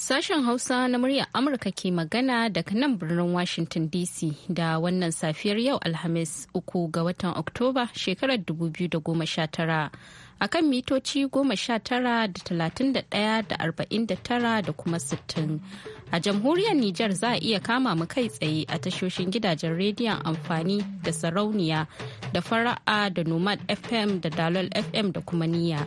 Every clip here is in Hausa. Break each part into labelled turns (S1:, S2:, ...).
S1: Sashen Hausa na muryar Amurka ke magana daga nan birnin Washington DC da wannan safiyar yau Alhamis uku ga watan Oktoba shekarar 2019 a kan mitoci 19.31.49 da da kuma 60. A jamhuriyar Nijar za a iya kama mu kai tsaye a tashoshin gidajen rediyon amfani da sarauniya da fara'a da Nomad FM da Dalol FM da kuma niyya.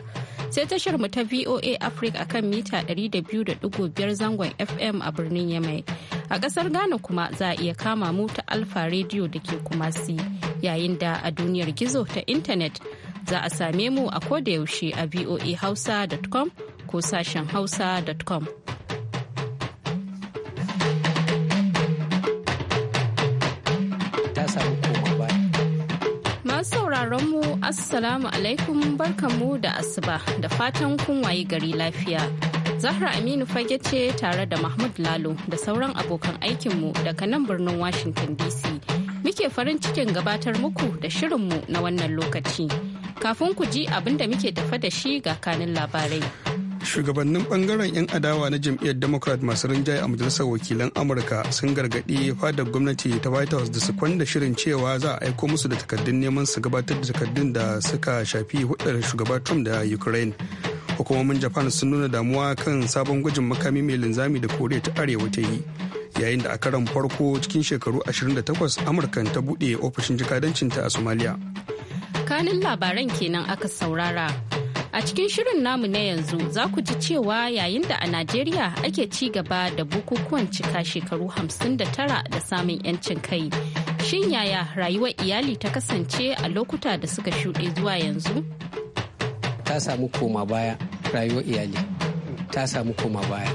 S1: Sai tashar mu ta VOA Africa akan mita 200.5 zangon FM a birnin Yamai. A ƙasar Ghana kuma za a iya kama mu ta Alfa Radio da ke Kumasi yayin da a duniyar gizo ta intanet. za a same mu a yaushe a voahausa.com ko sashen hausa.com. Masu sauraron mu Assalamu alaikum barkanmu da asuba da fatan kun wayi gari lafiya. Zahra Aminu fage ce tare da Mahmud Lalo da sauran abokan aikinmu daga nan birnin Washington DC. Muke farin cikin gabatar muku da shirinmu na wannan lokaci. Kafin ku ji abin da muke tafa da shi ga kanin labarai.
S2: Shugabannin bangaren 'yan adawa na jam'iyyar Democrat masu rinjaye a majalisar wakilan Amurka sun gargaɗi fadar gwamnati ta White House da su kwanda shirin cewa za a aiko musu da takardun neman su gabatar da takardun da suka shafi hudar shugaba Trump da Ukraine. Hukumomin Japan sun nuna damuwa kan sabon gwajin makami mai linzami da Koriya ta Arewa ta yi. Yayin da a karan farko cikin shekaru 28 amurka ta buɗe ofishin jikadancinta a Somalia.
S1: tsakanin labaran kenan aka saurara. A cikin shirin namu na yanzu za ku ji cewa yayin da a Najeriya ake ci gaba da bukukuwan cika shekaru 59 da samun 'yancin kai. Shin yaya rayuwar iyali ta kasance a lokuta da suka shuɗe zuwa yanzu?
S3: Ta samu koma baya rayuwar iyali. Ta samu koma baya.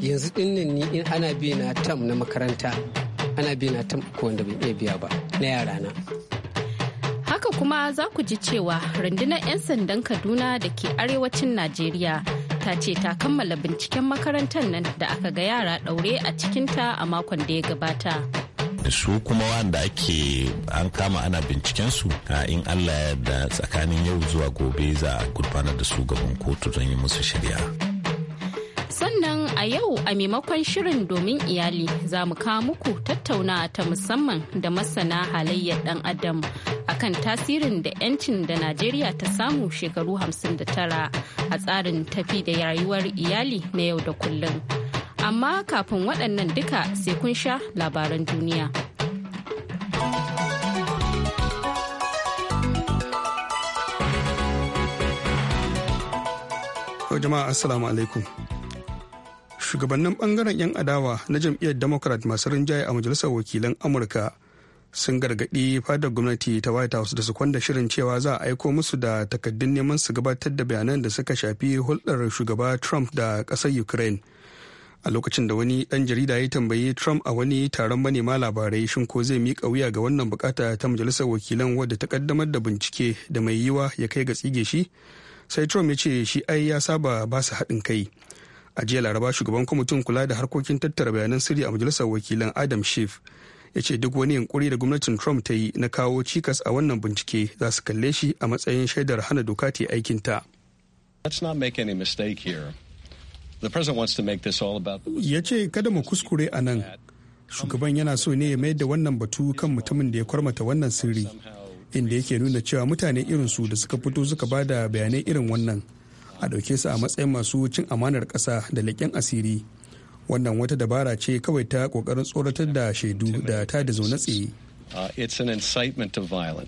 S3: Yanzu dinnan ni in ana bi na tam na makaranta ana bi na tam ko wanda ban iya biya ba na yarana.
S1: kuma za ku ji cewa rundunar 'yan sandan kaduna da ke arewacin najeriya ta ce ta kammala binciken makarantar nan da aka ga yara ɗaure a cikinta a makon da ya gabata
S4: su kuma wanda ake an kama ana binciken su in allah ya da tsakanin yau zuwa gobe za a gudanar da su gaban kotu don yi musu shari'a
S1: sannan a yau a maimakon shirin domin iyali za mu kawo muku tattauna ta musamman da masana halayyar dan adam akan tasirin da 'yancin da Najeriya ta samu shekaru 59 a tsarin tafi da rayuwar iyali na yau da kullum. Amma kafin waɗannan duka sai kun sha labaran duniya.
S2: jama'a assalamu alaikum shugabannin bangaren 'yan adawa na jam'iyyar democrat masu rinjaye a majalisar wakilan amurka sun gargaɗi fadar gwamnati ta white house da su kwanda shirin cewa za a aiko musu da takaddun neman su gabatar da bayanan da suka shafi hulɗar shugaba trump da ƙasar ukraine a lokacin da wani ɗan jarida ya tambayi trump a wani taron manema labarai shin ko zai miƙa wuya ga wannan bukata ta majalisar wakilan wadda ta kaddamar da bincike da mai yiwa ya kai ga tsige shi sai trump ya ce shi ai ya saba ba su haɗin kai a jiya laraba shugaban kwamitin kula da harkokin tattara bayanan sirri a majalisar wakilan adam schiff ya ce duk wani yunkuri da gwamnatin trump ta yi na kawo cikas a wannan bincike za su kalle shi a matsayin shaidar hana doka ta aikinta ya ce kada mu kuskure a nan shugaban yana so ne ya mayar da wannan batu kan mutumin da ya kwarmata wannan sirri inda yake nuna cewa mutane irin su da suka fito suka bada bayanai irin wannan a ɗauke su a matsayin masu cin amanar ƙasa da leƙen asiri wannan wata dabara ce kawai ta kokarin tsoratar da shaidu da ta da zaune tsaye
S4: uh,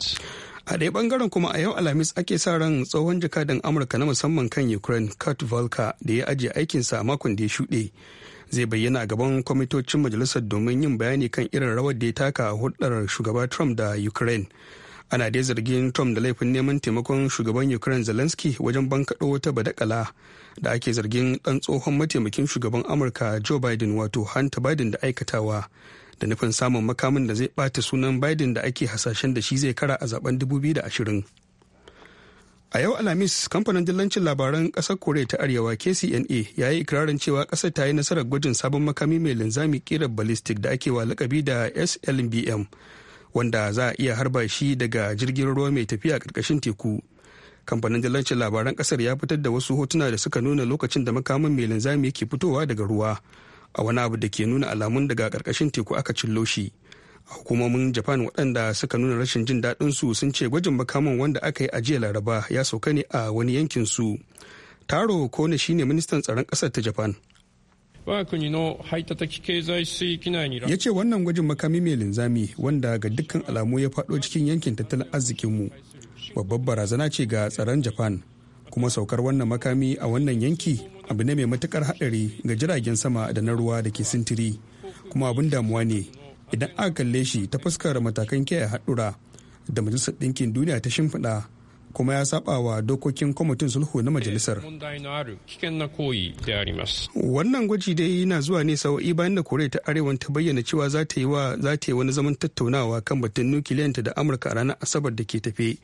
S2: a ɗaya bangaren kuma a yau alhamis ake sa ran tsohon jakadan amurka na musamman kan ukraine kurt volker da ya ajiye aikinsa a makon da ya shuɗe zai bayyana gaban kwamitocin majalisar domin yin bayani kan irin rawar da ya taka a hulɗar shugaba trump da ukraine ana dai zargin trump da laifin neman taimakon shugaban ukraine zelensky wajen bankaɗo wata badakala da ake zargin ɗan tsohon mataimakin shugaban amurka joe biden wato hunter biden da aikatawa da nufin samun makamin da zai ɓata sunan biden da ake hasashen da shi zai kara a zaben 2020 a yau alhamis kamfanin dillancin labaran ƙasar koriya ta arewa kcna ya yi ikirarin cewa ƙasar ta yi nasarar gwajin sabon makami mai linzami ƙirar ballistic da ake wa lakabi da slbm wanda za a iya harba shi daga jirgin ruwa mai tafiya ƙarƙashin teku kamfanin dillancin labaran kasar ya fitar da wasu hotuna da suka nuna lokacin da makamin mai linzami yake fitowa daga ruwa a wani abu da ke nuna alamun daga karkashin teku aka cillo shi a hukumomin japan waɗanda suka nuna rashin jin daɗin su sun ce gwajin makamin wanda aka yi a jiya laraba ya sauka ne a wani yankin su taro kone shine ministan tsaron ƙasar ta japan ya ce wannan gwajin makami mai linzami wanda ga dukkan alamu ya faɗo cikin yankin tattalin arzikinmu babbar barazana ce ga tsaron japan kuma saukar wannan makami a wannan yanki abu ne mai matukar haɗari ga jiragen sama da na ruwa da ke sintiri kuma abin damuwa ne idan aka kalle shi ta fuskar matakan kiyaye haɗura da majalisar ɗinkin duniya ta shimfiɗa kuma ya saba wa dokokin kwamitin sulhu na majalisar wannan gwaji dai yana zuwa ne sau'i bayan da koriya ta arewa ta bayyana cewa za ta yi wani zaman tattaunawa kan batun nukiliyanta da amurka a ranar asabar da ke tafe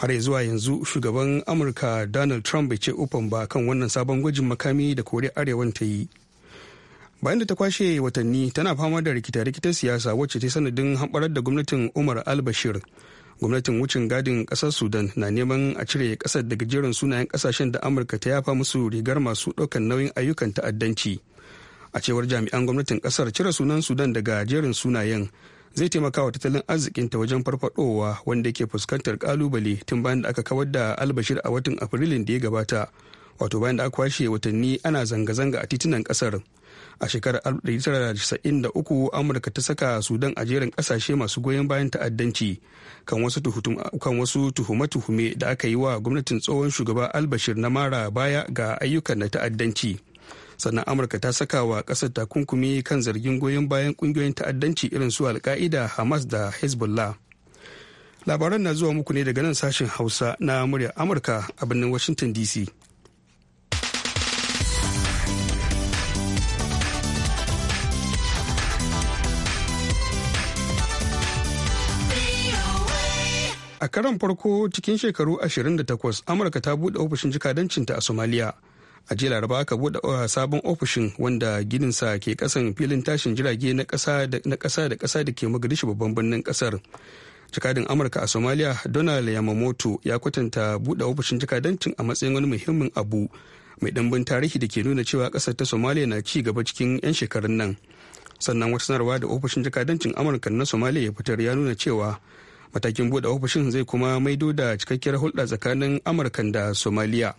S2: har zuwa yanzu shugaban amurka donald trump bai ce ufan ba kan wannan sabon gwajin makami da koriya arewan ta yi bayan da ta kwashe watanni tana fama da rikita-rikitar siyasa wacce ta sanadin hamɓarar da gwamnatin umar al-bashir gwamnatin wucin gadin ƙasar sudan na neman a cire ƙasar daga jerin sunayen ƙasashen da amurka ta yafa musu rigar masu ɗaukan nauyin ayyukan ta'addanci a cewar jami'an gwamnatin ƙasar cire sunan sudan daga jerin sunayen zai taimaka wa tattalin arzikinta wajen farfadowa wanda ke fuskantar kalubale tun bayan da aka kawar da albashir a watan afrilun da ya gabata wato bayan da aka kwashe watanni ana zanga-zanga a titunan kasar a shekarar 1993 amurka ta saka sudan a jerin kasashe masu goyon bayan ta'addanci kan wasu tuhume-tuhume da aka yi wa gwamnatin tsohon shugaba albashir na mara baya ga ayyukan na ta'addanci sannan amurka ta saka wa ƙasar takunkumi kan zargin goyon bayan kungiyoyin ta'addanci irin su alka'ida hamas da hezbollah labaran na zuwa muku ne daga nan sashen hausa na muryar amurka a birnin washington dc a karan farko cikin shekaru 28 amurka ta buɗe ofishin jikadancinta a somaliya a jiya laraba aka buɗe uh, sabon ofishin wanda sa ke kasan filin tashin jirage na kasa da kasa da ke magadishi babban birnin kasar jakadin amurka a somalia donald yamamoto ya kwatanta buɗe ofishin jakadancin a matsayin wani muhimmin abu mai ɗimbin tarihi da ke nuna cewa ƙasar ta somalia na ci gaba cikin 'yan shekarun nan sannan wata sanarwa da ofishin jakadancin amurka na somalia ya fitar ya nuna cewa matakin buɗe ofishin zai kuma maido da cikakkiyar hulɗa tsakanin amurka da somaliya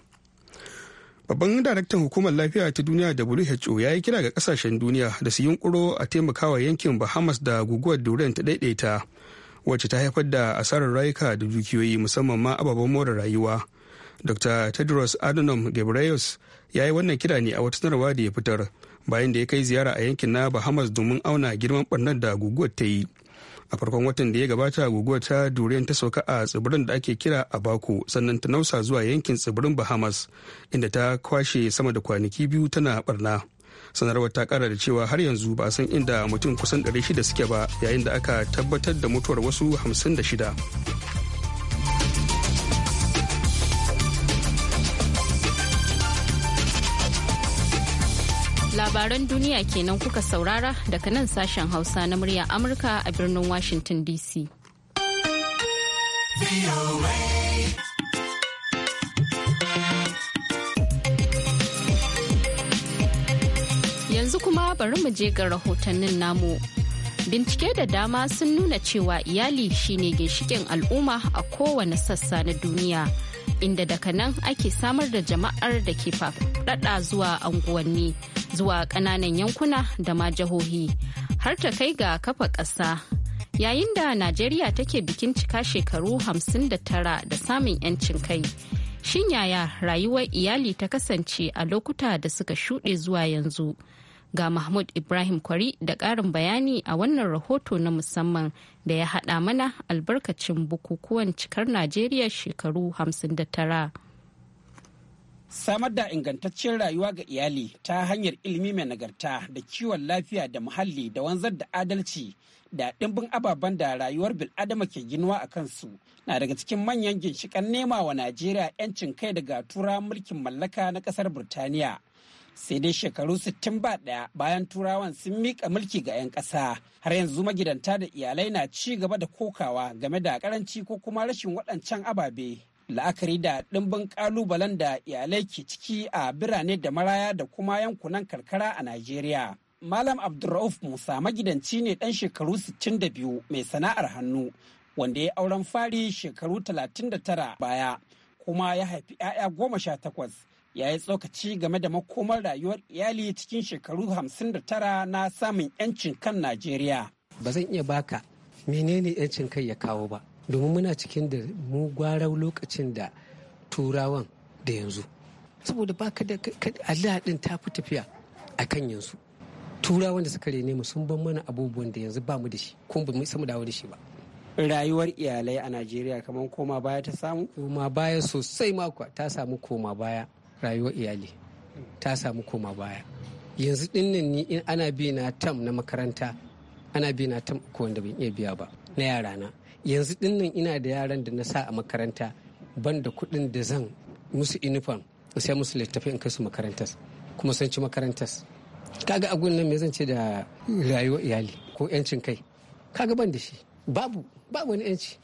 S2: Babban daraktan hukumar lafiya ta duniya WHO ya yi kira ga kasashen duniya da su yunkuro a taimakawa yankin Bahamas da guguwar Duran ta daidaita wacce ta haifar da asarar rayuka da dukiyoyi musamman ma ababen more rayuwa. Dr. Tedros Adhanom Ghebreyesus ya yi wannan kira ne a wata sanarwa da ya fitar bayan da ya kai ziyara a yankin na Bahamas domin auna girman barnar da guguwar ta yi. a farkon watan da ya gabata guguwar ta duriyan ta sauka a tsibirin da ake kira a abako sannan ta nausa zuwa yankin tsibirin bahamas inda ta kwashe sama da kwanaki biyu tana barna sanarwar ta kara da cewa har yanzu ba a san inda mutum kusan 600 suke ba yayin da aka tabbatar da mutuwar wasu 56
S1: Labaran duniya kenan kuka saurara daga nan sashen Hausa na murya Amurka a birnin Washington DC. Yanzu kuma bari mu je ga rahotannin namu. Bincike da dama sun nuna cewa iyali shine ginshikin al'umma a kowane sassa na duniya. inda daga nan ake samar da jama'ar da ke faɗaɗa zuwa anguwanni zuwa ƙananan yankuna da ma jihohi har ta kai ga kafa ƙasa yayin da najeriya take bikin cika shekaru 59 da samun 'yancin kai shin yaya rayuwar iyali ta kasance a lokuta da suka shuɗe zuwa yanzu Ga Mahmud Ibrahim Kwari da ƙarin bayani a wannan rahoto na musamman da ya haɗa mana albarkacin bukukuwan cikar Najeriya shekaru 59.
S5: Samar da ingantaccen rayuwa ga iyali ta hanyar ilimi mai nagarta da kiwon lafiya da muhalli da wanzar da adalci da ɗimbin ababen da rayuwar bil'adama ke ginuwa a kansu na daga cikin manyan ginshikan nema wa Najeriya 'yancin kai daga tura mulkin mallaka na ƙasar Burtaniya. sai dai shekaru 61 bayan turawan sun miƙa mulki ga 'yan ƙasa har yanzu magidanta da iyalai na ci gaba da kokawa game da karanci ko kuma rashin waɗancan ababe la'akari da ɗimbin ƙalubalen da iyalai ke ciki a birane da maraya da kuma yankunan karkara a najeriya malam abdulrauf musa magidanci ne ɗan shekaru 62 mai sana'ar hannu wanda ya auren fari shekaru 39 baya kuma ya haifi 'ya'ya goma sha takwas ya yi tsokaci game da makomar rayuwar iyali cikin shekaru 59 na samun 'yancin kan Najeriya. Ba zan iya baka
S3: menene 'yancin kai ya kawo ba, domin muna cikin da mu gwarau lokacin da turawan da yanzu. Saboda baka da Allah ta fi tafiya a kan yanzu. Turawan da suka rene mu sun ban mana abubuwan da yanzu ba mu da shi, kuma ba mu samu dawo da shi ba. rayuwar iyalai a najeriya kamar koma baya ta samu koma baya sosai makwa ta samu koma baya rayuwar iyali ta samu koma baya yanzu dinnan ni in ana bi na tam na makaranta ana bi na tam ko wanda ban iya biya ba na yara na yanzu dinnan ina da yaran da na sa a makaranta ban da kuɗin da zan musu inifam sai musu littafi in kai su makarantas kuma sun ci makarantas kaga a nan me zan ce da rayuwar iyali ko yancin kai kaga ban da shi babu babu
S5: wani yanci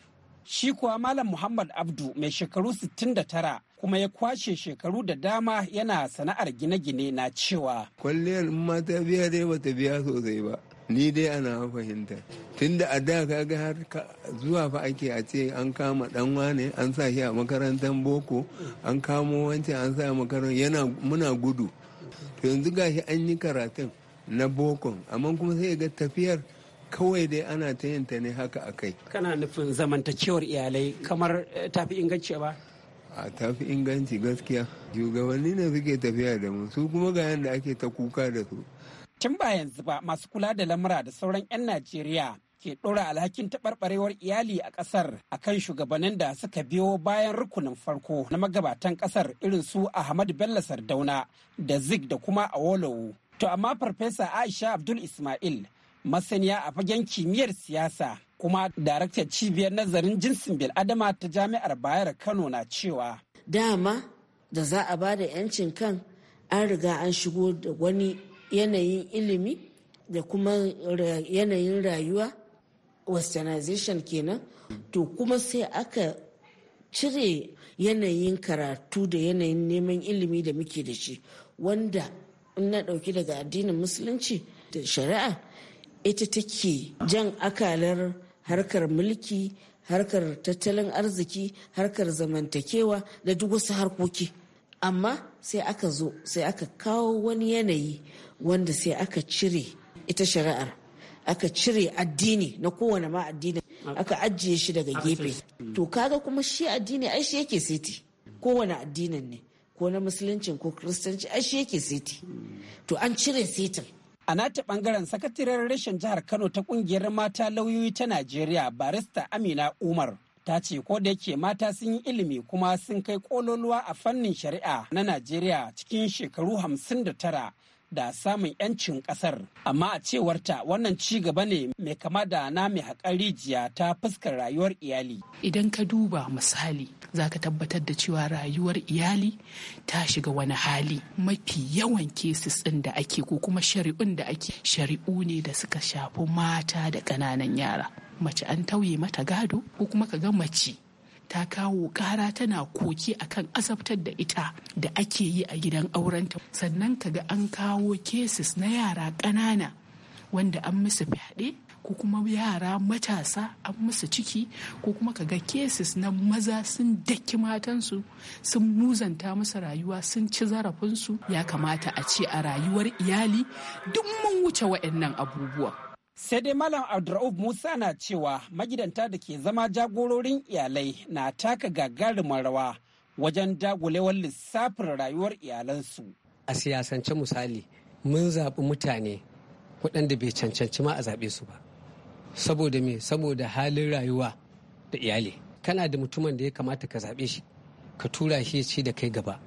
S5: shi kuwa malam muhammad abdu mai shekaru 69 kuma ya kwashe shekaru da dama yana sana'ar gine-gine na cewa.
S2: Kwalliyar ma ta biya dai bata biya sosai ba. Ni dai ana fahimta. Tunda a da ka ga har zuwa fa ake a ce an kama dan wane an sa shi a makarantar boko an kamo wancan an sa makarantar yana muna gudu. To yanzu gashi an yi karatun na bokon amma kuma sai ga tafiyar kawai dai ana ta yin ta ne haka a kai. Kana
S5: nufin zamantakewar iyalai kamar eh, tafi inganci ba? a tafi inganci gaskiya
S2: shugabanni ne suke tafiya da mu su kuma ga yadda ake ta kuka da su
S5: tun ba yanzu ba masu kula da lamura da sauran 'yan najeriya ke ɗora alhakin taɓarɓarewar iyali a ƙasar akan shugabannin da suka biyo bayan rukunin farko na magabatan ƙasar irin su ahmad bello sardauna da zik da kuma awolowo to amma farfesa aisha abdul ismail masaniya a fagen kimiyyar siyasa kuma daraktar cibiyar nazarin jinsin bil'adama ta jami'ar bayar kano na cewa dama
S6: da za a ba da 'yancin kan an riga an shigo da wani yanayin ilimi da kuma yanayin rayuwa westernization kenan to kuma sai aka cire yanayin karatu da yanayin neman ilimi da muke da shi wanda in na ɗauki daga addinin musulunci da shari'a ita take jan akalar harkar mulki harkar tattalin arziki harkar zamantakewa da duk wasu harkoki amma sai aka zo sai aka kawo wani yanayi wanda sai aka cire ita shari'ar aka cire addini na kowane ma addini aka ajiye shi daga gefe to kaga kuma shi addini ai shi yake seti kowane addinin ne ko na musulunci ko kiristanci ai shi yake seti to an cire sitin A
S5: nata bangaren sakataren rashin jihar Kano ta kungiyar mata lauyoyi ta Najeriya barista Amina Umar ta ce ko da yake mata sun yi ilimi kuma sun kai kololuwa a fannin shari'a na Najeriya cikin shekaru hamsin da tara da samun 'yancin kasar. Amma a cewarta wannan ci gaba ne mai kama da na mai haƙar rijiya ta fuskar rayuwar iyali. Idan ka duba misali za ka tabbatar da cewa rayuwar iyali ta shiga wani hali mafi yawan kesis ɗin da ake ko kuma shari'un da ake shari'u ne da suka shafi mata da ƙananan yara mace an tauye mata gado ko kuma ka ga mace ta kawo kara tana koki akan asabtar da ita da ake yi a gidan aurenta sannan ka ga an kawo kesis na yara ƙanana wanda an musu fyaɗe ko kuma yara matasa an musu ciki
S7: ko kuma ka ga cases na maza sun daki matansu sun muzanta musu rayuwa sun ci zarafinsu ya kamata a ce a rayuwar iyali duk mun
S5: wuce waɗannan abubuwa sai dai malam abdur'uf musa na cewa magidanta da ke zama jagororin iyalai na taka gagarumin rawa wajen dagulewar
S3: lissafin rayuwar iyalansu a siyasance misali mun zaɓi mutane waɗanda bai cancanci ma a zaɓe su ba saboda me saboda halin rayuwa da iyali kana da mutumin da ya kamata ka zaɓe shi ka tura shi ci da kai gaba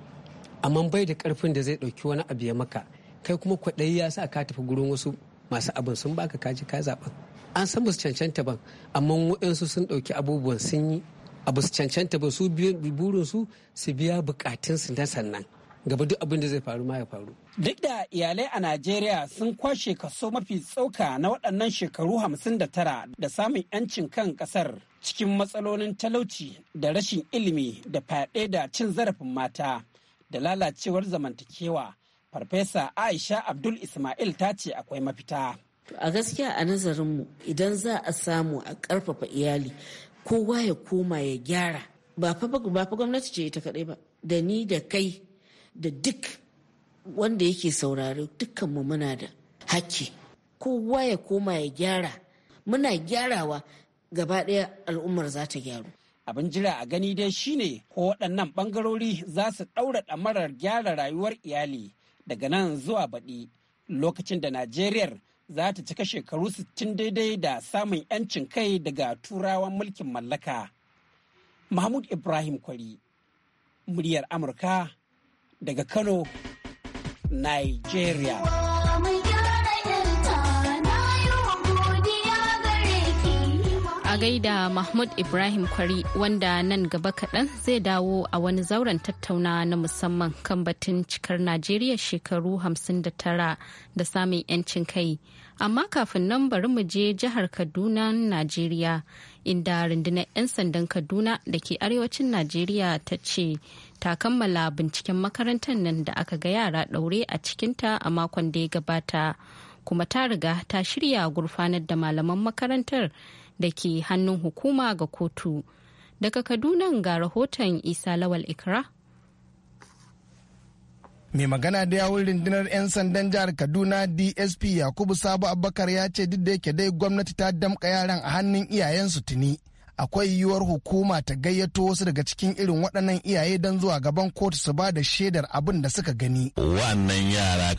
S3: amma bai da karfin da zai ɗauki wani abu ya maka kai kuma kwaɗayi ya sa ka tafi gurin wasu masu abin sun baka kaji ka zaɓa an san ba su cancanta ba amma waɗansu sun ɗauki abubuwan sun yi abu su cancanta ba su burin su su biya bukatunsu na sannan gaba duk abin da zai faru ma ya faru.
S5: Duk da iyalai a Najeriya sun kwashe kaso mafi tsauka na waɗannan shekaru hamsin da tara da samun 'yancin kan ƙasar cikin matsalolin talauci da rashin ilimi da fyaɗe da cin zarafin mata da lalacewar zamantakewa. Farfesa Aisha Abdul Ismail ta ce akwai
S6: mafita. A gaskiya a nazarinmu idan za a samu a ƙarfafa iyali kowa ya koma ya gyara ba fa gwamnati ce ita kaɗai ba da ni da kai da duk wanda yake saurari dukkanmu muna da hakki kowa ya koma ya gyara muna gyarawa gaba ɗaya al'ummar za ta gyaru abin jira a gani dai shine ko waɗannan ɓangarori za su ɗaura
S5: ɗamarar gyara rayuwar iyali daga nan zuwa baɗi lokacin da najeriyar za ta cika shekaru sittin daidai da samun 'yancin kai daga turawan mulkin mallaka mahmud ibrahim kwari muryar amurka daga Kano, Nigeria.
S1: A gaida Mahmud Ibrahim Kwari wanda nan gaba kaɗan zai dawo a wani zauren tattauna na musamman kan batun cikar Najeriya shekaru 59 da samun 'yancin kai. Amma kafin nan bari mu je jihar Kaduna, Najeriya. inda rundunar 'yan sandan kaduna da ke arewacin najeriya ta ce ta kammala binciken makarantar nan da aka ga yara daure a cikinta a makon da ya gabata kuma ta riga ta shirya gurfanar da malaman makarantar da ke hannun hukuma ga kotu daga kaduna ga rahoton isa lawal ikra
S8: mai magana da yawun rundunar 'yan sandan jihar kaduna dsp yakubu sabo abubakar ya ce duk da yake dai gwamnati ta damka yaran a hannun iyayensu tuni akwai yiwuwar hukuma ta gayyato wasu daga cikin irin waɗannan iyaye don zuwa gaban kotu su ba da shaidar abin da suka gani.
S4: Wannan yara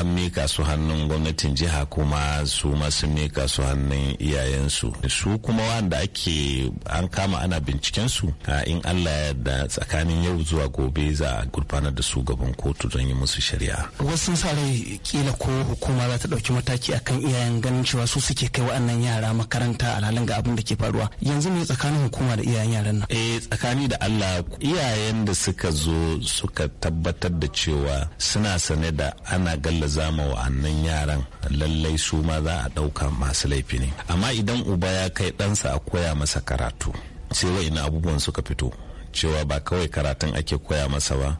S4: an mika su hannun gwamnatin jiha kuma su masu mika su hannun iyayensu. Su kuma wanda ake an kama ana binciken su in Allah ya da tsakanin yau zuwa gobe za a gurfanar da su gaban kotu don yi musu shari'a.
S5: Wasu sa rai kila ko hukuma za ta ɗauki mataki akan iyayen ganin cewa su suke kai waɗannan yara makaranta alhalin ga abin da ke faruwa. Yanzu ne tsakanin hukuma da iyayen yaran
S4: nan eh tsakani da Allah iyayen da suka zo suka tabbatar da cewa suna sane da ana gallaza ma wa'annan yaran lallai su ma za a ɗauka masu laifi ne amma idan uba ya kai ɗansa a koya masa karatu sai wa'ina abubuwan suka fito cewa ba kawai karatun ake koya masa ba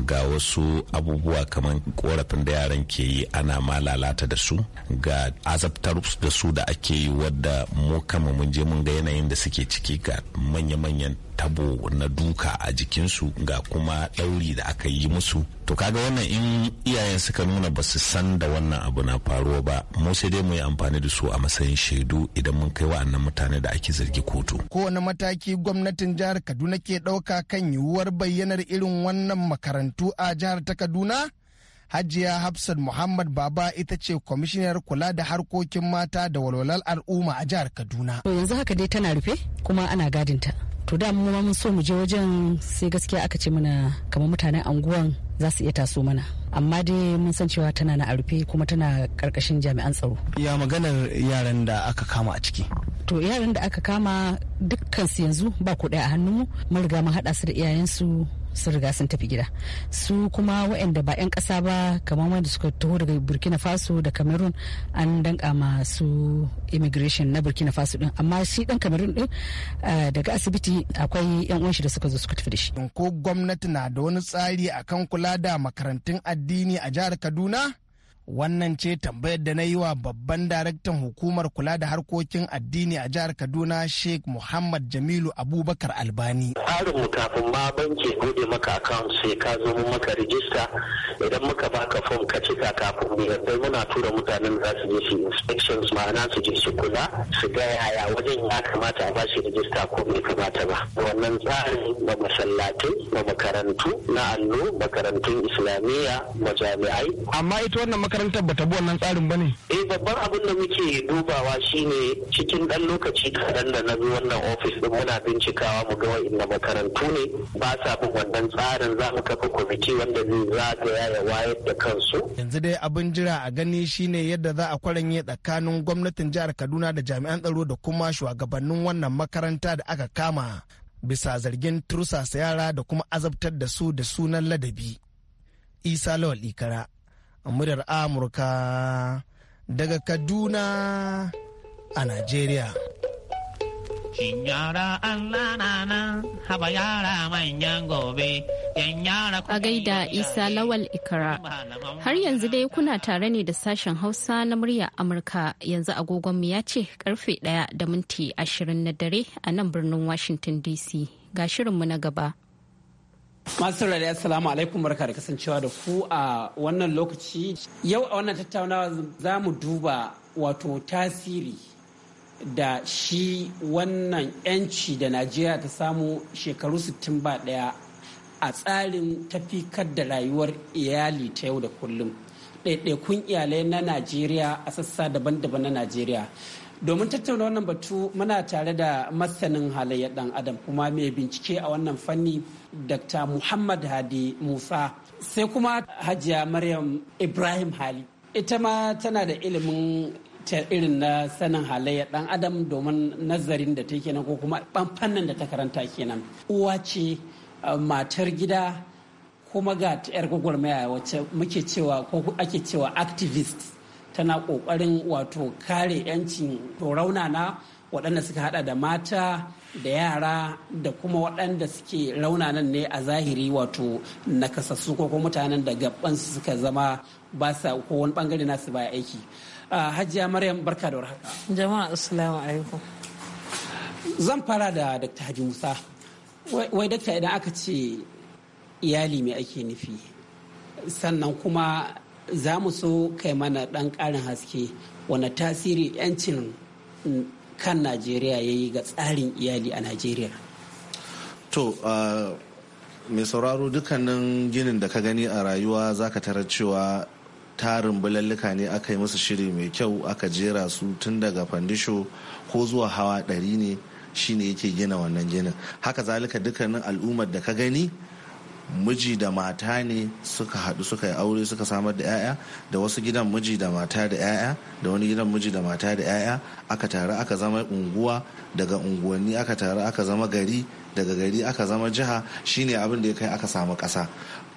S4: ga wasu abubuwa kamar korafin da yaran ke yi ana ma lalata da su ga azabtar da su da ake yi wadda mu kama mun je mun ga yanayin da suke ciki ga manya-manyan tabo na duka a jikinsu ga kuma ɗauri da aka yi musu to kaga wannan in iyayen suka nuna ba su san da wannan abu na faruwa ba mu sai dai mu yi amfani da su a matsayin shaidu idan mun kai wa'annan mutane da ake zargi kotu
S8: kowane mataki gwamnatin jihar kaduna ke ɗauka kan yiwuwar bayyanar irin wannan makarantu a jihar ta kaduna hajiya hafsat muhammad baba ita ce kwamishinar kula da harkokin mata da walwalar al'umma a jihar kaduna to yanzu haka dai tana rufe kuma ana gadinta
S6: to da mu mun so mu je wajen sai gaskiya aka ce mana kamar mutanen anguwan za su iya taso mana amma dai mun san cewa tana na arufe kuma tana karkashin jami'an
S8: tsaro ya maganar yaran da aka kama a ciki
S6: to yaran da aka kama dukkan su yanzu ba kuɗi a hannunmu mun riga mun haɗa su da iyayensu sun riga sun tafi gida su kuma waɗanda ba 'yan ƙasa ba kamar wanda suka taho daga burkina faso da cameroon an danka masu immigration na burkina faso din amma shi dan cameroon din
S8: daga asibiti akwai 'yan shi da suka zo suka tafi da shi ko gwamnati na da wani tsari akan kula da makarantun addini a jihar kaduna Wannan ce tambayar da na yi wa babban daraktan hukumar kula da harkokin addini a jihar Kaduna Sheikh Muhammad Jamilu Abubakar Albani.
S9: Tsarin kafin ma banki gode maka account sai ka zo mu
S8: maka rijista idan muka baka fom ka cika kafin mu yadda muna tura mutanen za
S5: su je su inspections ma'ana su je su kula su ga yaya wajen ya kamata a ba shi rijista ko bai kamata ba. Wannan tsarin na masallatai na makarantu na allo makarantun islamiyya majami'ai.
S8: Amma ita wannan makarantar bata bi wannan tsarin ba Eh
S5: babban abin da muke dubawa shine cikin dan lokaci kadan da na bi wannan ofis ɗin muna bincikawa mu ga wa'inda makarantu ne ba sa bin wannan tsarin za mu kafa kwamiti
S7: wanda zai zagaya yaya wayar da kansu.
S8: Yanzu dai abin jira a gani shine yadda za a kwaranye tsakanin gwamnatin jihar Kaduna da jami'an tsaro da kuma shugabannin wannan makaranta da aka kama bisa zargin tursasa yara da kuma azabtar da su da sunan ladabi. Isa Lawal Ikara muryar amurka daga kaduna a nigeria. Shin yara
S7: gobe A
S1: gaida Isa Lawal Ikara. Har yanzu dai kuna tare ne da sashen Hausa na murya Amurka yanzu agogonmu ya ce karfe ɗaya da minti ashirin na dare a nan birnin Washington DC. Ga shirinmu na gaba.
S5: Masu saurari assalamu alaikum barka da kasancewa da ku a wannan lokaci. Yau a wannan tattaunawa za mu duba wato tasiri da shi wannan 'yanci da Najeriya ta samu shekaru 60 ba ɗaya a tsarin tafikar da rayuwar iyali ta yau da kullum. ɗaiɗaikun iyalai na Najeriya a sassa daban-daban na Najeriya. Domin tattauna wannan batu muna tare da masanin halayyar dan adam kuma mai bincike a wannan fanni Dr. Muhammad Hadi Musa sai kuma Hajiya Maryam Ibrahim Hali. Ita ma tana da ilimin ta irin na sanin halayyar dan adam domin nazarin da ta kenan ko kuma fannin da ta karanta kenan. Uwa ce matar gida kuma ga 'yar gwagwarmaya wacce muke cewa ko ake cewa activists. tana kokarin wato kare 'yancin raunana waɗanda suka hada da mata da yara da kuma waɗanda suke raunanan ne a zahiri wato nakasassu ko kuma mutanen da gabansu suka zama ba sa ko wani bangare nasu ba aiki ah, hajiya maryam barka da warhaka
S7: jama'a assalamu alaikum
S5: zan fara da dr haji musa wai dakta idan aka ce iyali mai ake nufi sannan kuma za mu so kai mana ɗan ƙarin haske wani tasiri 'yancin kan najeriya ya yi ga tsarin iyali a
S9: najeriya to uh, mai sauraro dukkanin ginin da ka gani a rayuwa za ka tarar cewa tarin bulalluka ne aka yi musu shiri mai kyau aka jera su tun daga fandisho ko zuwa hawa ɗari ne shine yake gina wannan ginin haka zalika dukkanin al'ummar da ka gani miji da mata ne suka haɗu suka yi aure suka samar da 'ya'ya da wasu gidan miji da mata da 'ya'ya da wani gidan miji da mata da 'ya'ya aka taru aka zama unguwa daga unguwanni aka taru aka zama gari daga gari aka zama jiha shine abin da ya kai aka samu ƙasa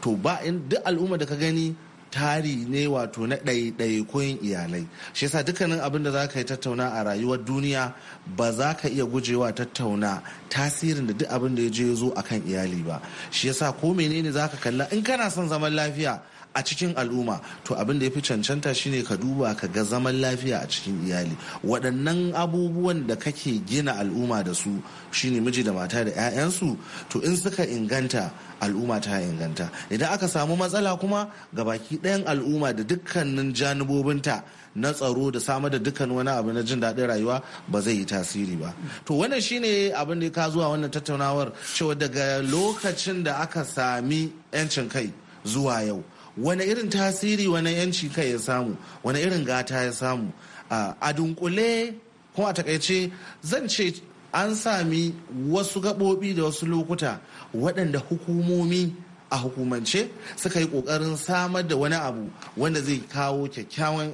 S9: to ba in duk al'umma da ka gani tari ne wato na ɗaiɗaikun iyalai shi yasa dukkanin abin da za ka yi tattauna a rayuwar duniya ba za ka iya gujewa tattauna tasirin da duk abin da ya je ya zo akan iyali ba shi yasa ko menene za ka kalla in kana son zaman lafiya a cikin al'umma to abin da ya fi cancanta shine ka duba ka ga zaman lafiya a cikin iyali waɗannan abubuwan da kake gina al'umma da su shine miji da mata da 'ya'yansu to in suka inganta al'umma ta inganta idan aka samu matsala kuma ga baki. ɗayan al'umma da dukkanin janibobinta na tsaro da samar da dukkan wani abu na jin daɗin rayuwa ba zai yi tasiri ba to wannan shine abin da ka zuwa wannan tattaunawar cewa daga lokacin da aka sami 'yancin kai zuwa yau wani irin tasiri wani 'yanci kai ya samu wani irin gata ya samu a dunkule ko a takaice zan ce an sami wasu gaɓoɓi da wasu lokuta waɗanda hukumomi a hukumance suka yi kokarin samar da wani abu wanda zai kawo kyakkyawan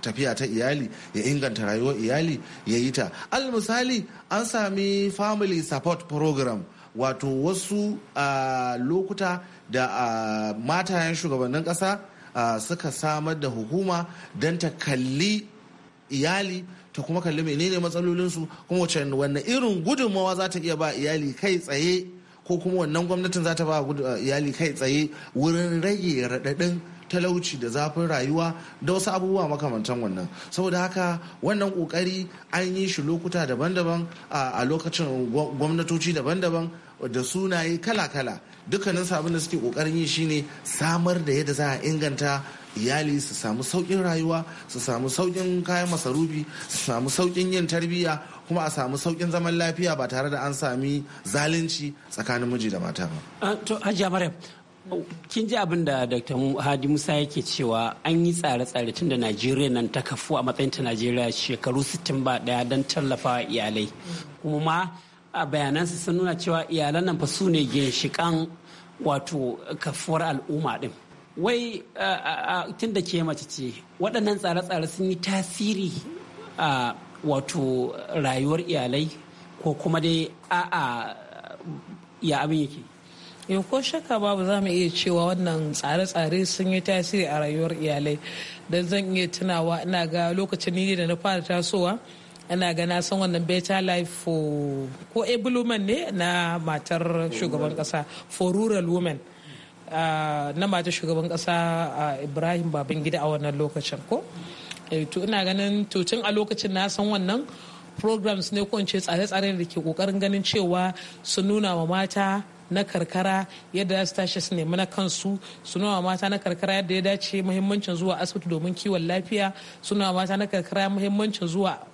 S9: tafiya ta iyali ya inganta rayuwar iyali ya yi ta al misali an sami family support program wato wasu lokuta da matayen shugabannin kasa suka samar da hukuma don ta kalli iyali ta kuma kalli menene matsalolinsu kuma wacce wanne irin gudunmawa za ta iya ba iyali kai tsaye ko kuma wannan gwamnatin za ta ba eh, iyali kai tsaye wurin rage raɗaɗin talauci da zafin rayuwa da wasu abubuwa makamantan wannan saboda haka wannan kokari an yi shi lokuta daban-daban a lokacin gwamnatoci daban-daban da sunaye kala-kala dukkanin sabon da suke kokarin yi shine samar da yadda za a inganta iyali su samu saukin rayuwa su samu saukin kayan masarufi su samu saukin yin tarbiyya kuma a samu saukin zaman lafiya ba tare da an sami zalunci tsakanin miji da mata
S5: ba. To Hajiya Maryam kin ji abin da Dr. Hadi Musa yake cewa an yi tsare-tsare tun da Najeriya nan ta kafu a matsayin ta Najeriya shekaru sittin ba ɗaya don tallafawa iyalai. Kuma ma a bayanansa sun nuna cewa iyalan nan fa su ne ginshikan wato kafuwar al'umma din. Wai tun da ke mace ce waɗannan tsare-tsare sun yi tasiri a wato rayuwar iyalai ko kuma dai
S7: a'a ya abin yake eh, ko shakka babu za mu iya cewa wannan tsare-tsare sun yi tasiri a rayuwar iyalai don zan iya tunawa ina ga lokacin ni da na fara tasowa ana ga na san wannan better life for ko ebuluman ne na matar shugaban kasa for rural women ah, na matar shugaban kasa ah, ibrahim babangida a wannan lokacin ko Eh, to ina ganin to tun a lokacin na san wannan programs ne ko tsare-tsaren da ke kokarin ganin cewa su nuna wa mata na karkara yadda za su tashi su nemi na kansu nuna wa mata na karkara yadda ya dace muhimmancin zuwa asibiti domin kiwon lafiya suna mata na karkara muhimmancin zuwa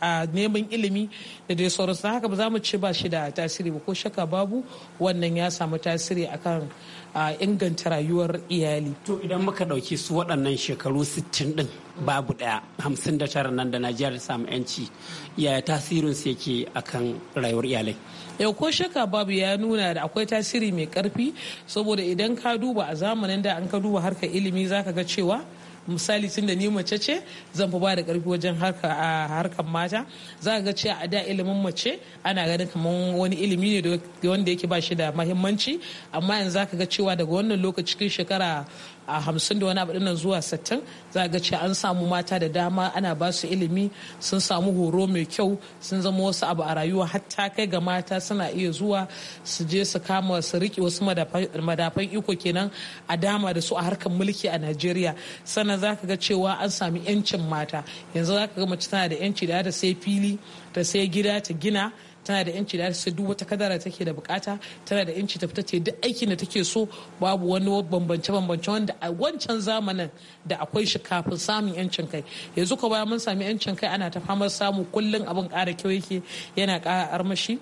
S7: a neman ilimi da dai sauransu na haka ba za mu ce ba shi da tasiri ba ko shaka babu wannan ya samu tasiri akan inganta rayuwar iyali. To idan muka ɗauki su waɗannan shekaru 60 ɗin babu ɗaya
S5: hamsin da tara nan da Najeriya samu 'yanci yaya tasirinsu yake akan rayuwar iyalai?
S7: yau eh, ko shaka babu ya nuna da akwai tasiri mai karfi saboda idan ka duba a zamanin da an ka duba harkar ilimi zaka ga cewa misali tun da ni mace ce zan fi ba da karfi wajen harkar mata za ga cewa a da ilimin mace ana ganin kamar wani ilimi ne wanda yake ba shi da mahimmanci amma yanzu za ka ga cewa daga wannan lokacin shekara a hamsin da wani abu dinnan zuwa sittin za ga cewa an samu mata da dama ana ba su ilimi sun samu horo mai kyau sun zama wasu abu a rayuwa hatta kai ga mata suna iya zuwa su je su kama su riƙe wasu madafan iko kenan a dama da su a harkar mulki a najeriya sannan za ka ga cewa an samu 'yancin mata yanzu za ka ga mace tana da 'yanci da ta sai fili ta sai gida ta gina tana da yanci da ta duk wata kadara take da bukata tana da yanci ta fita ta duk aikin da take so babu wani bambance bambance wanda a wancan zamanin da akwai shi kafin samun yancin kai yanzu ko ba mun sami yancin kai ana ta famar samu kullum abin kara kyau yake yana kara armashi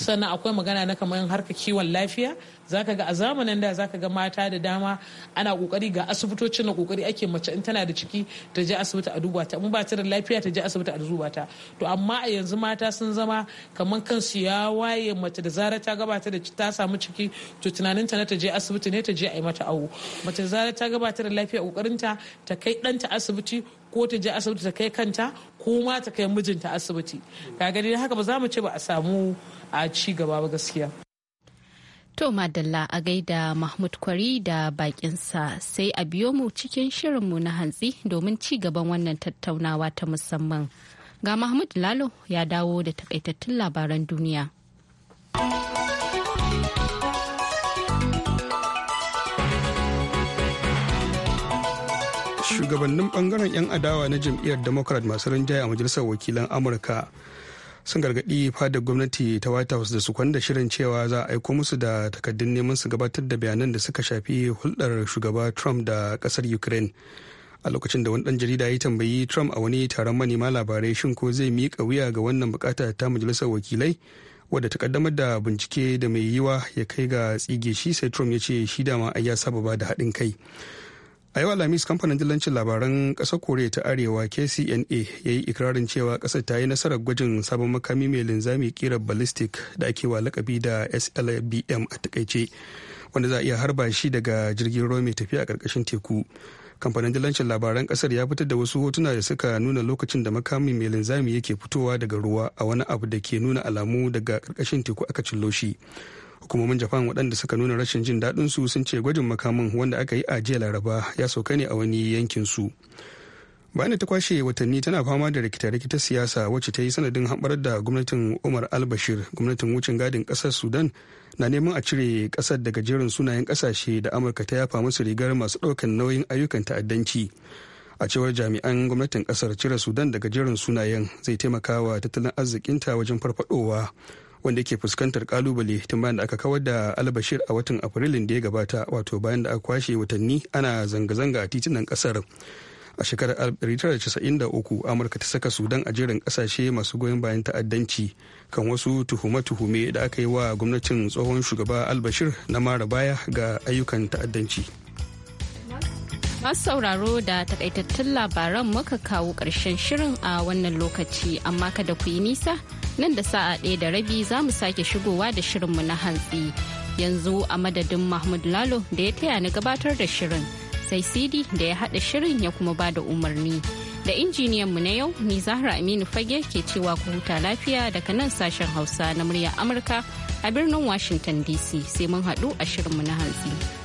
S7: sannan akwai magana na kamar harka kiwon lafiya zaka ga a zamanin da zaka ga mata da dama ana kokari ga asibitocin na kokari ake mace in tana da ciki ta je asibiti a duba ta in ba ta da lafiya ta je asibiti a duba ta to amma a yanzu mata sun zama kamar kansu ya waye mace da zarar ta gabata da ta samu ciki to tunanin ta na ta je asibiti ne ta je a yi mata awo mace da zarar ta gabata da lafiya kokarin ta ta kai danta asibiti ko ta je asibiti ta kai kanta ko ma ta kai mijinta asibiti kaga gani haka ba za mu ce ba a samu a ci gaba ba gaskiya
S1: To Madalla a gaida Mahmud Kwari da bakinsa sai a biyo mu cikin shirin mu na hantsi domin ci gaban wannan tattaunawa ta musamman. Ga Mahmud Lalo ya dawo da takaitattun labaran duniya.
S2: shugabannin bangaren 'yan adawa na jam'iyyar democrat masu rinjaye a majalisar wakilan amurka sun gargaɗi fadar gwamnati ta white house da su kwanda shirin cewa za a aiko musu da takaddun neman su gabatar da bayanan da suka shafi hulɗar shugaba trump da ƙasar ukraine a lokacin da wani dan jarida ya tambayi trump a wani taron manema labarai shin ko zai miƙa wuya ga wannan bukata ta majalisar wakilai wadda ta kaddamar da bincike da mai yiwa ya kai ga tsige shi sai trump ya ce shi dama ai ya saba ba da haɗin kai a yau alhamis kamfanin dillancin labaran ƙasar koriya ta arewa kcna ya yi ikirarin cewa ƙasar ta yi nasarar gwajin sabon makami mai linzami kirar ballistic da ake wa lakabi da slbm a takaice wanda za a iya harba shi daga jirgin ruwa mai tafiya a ƙarƙashin teku kamfanin dillancin labaran kasar ya fitar da wasu hotuna da suka nuna lokacin da makami mai linzami yake fitowa daga ruwa a wani abu da ke nuna alamu daga karkashin teku aka cillo shi hukumomin japan waɗanda suka nuna rashin jin daɗin su sun ce gwajin makamin wanda aka yi a jiya laraba ya sauka ne a wani yankin su bayan ta kwashe watanni tana fama da rikita-rikita siyasa wacce ta yi sanadin haɓar da gwamnatin umar albashir gwamnatin wucin gadin ƙasar sudan na neman a cire ƙasar daga jerin sunayen ƙasashe da amurka ta yafa musu rigar masu ɗaukar nauyin ayyukan ta'addanci a cewar jami'an gwamnatin ƙasar cire sudan daga jerin sunayen zai taimaka wa tattalin arzikinta wajen farfadowa wanda yake fuskantar kalubale tun bayan da aka kawar da albashir a watan afrilun da ya gabata wato bayan da aka kwashe watanni ana zanga-zanga a titunan kasar a shekarar 1993 amurka ta saka sudan a jerin kasashe masu goyon bayan ta'addanci kan wasu tuhume-tuhume da aka yi wa gwamnatin tsohon shugaba albashir na mara baya ga ayyukan ta'addanci.
S1: masu sauraro da takaitattun labaran muka kawo karshen shirin a wannan lokaci amma kada ku yi nisa nan da sa'a ɗaya da rabi za mu sake shigowa da shirinmu na hantsi yanzu a madadin mahmud lalo da ya taya ni gabatar da shirin sai sidi da ya haɗa shirin ya kuma ba da umarni da injiniyan mu na yau ni zahra aminu fage ke cewa ku huta lafiya daga nan sashen hausa na muryar amurka a birnin washington dc sai mun haɗu a shirinmu na hantsi.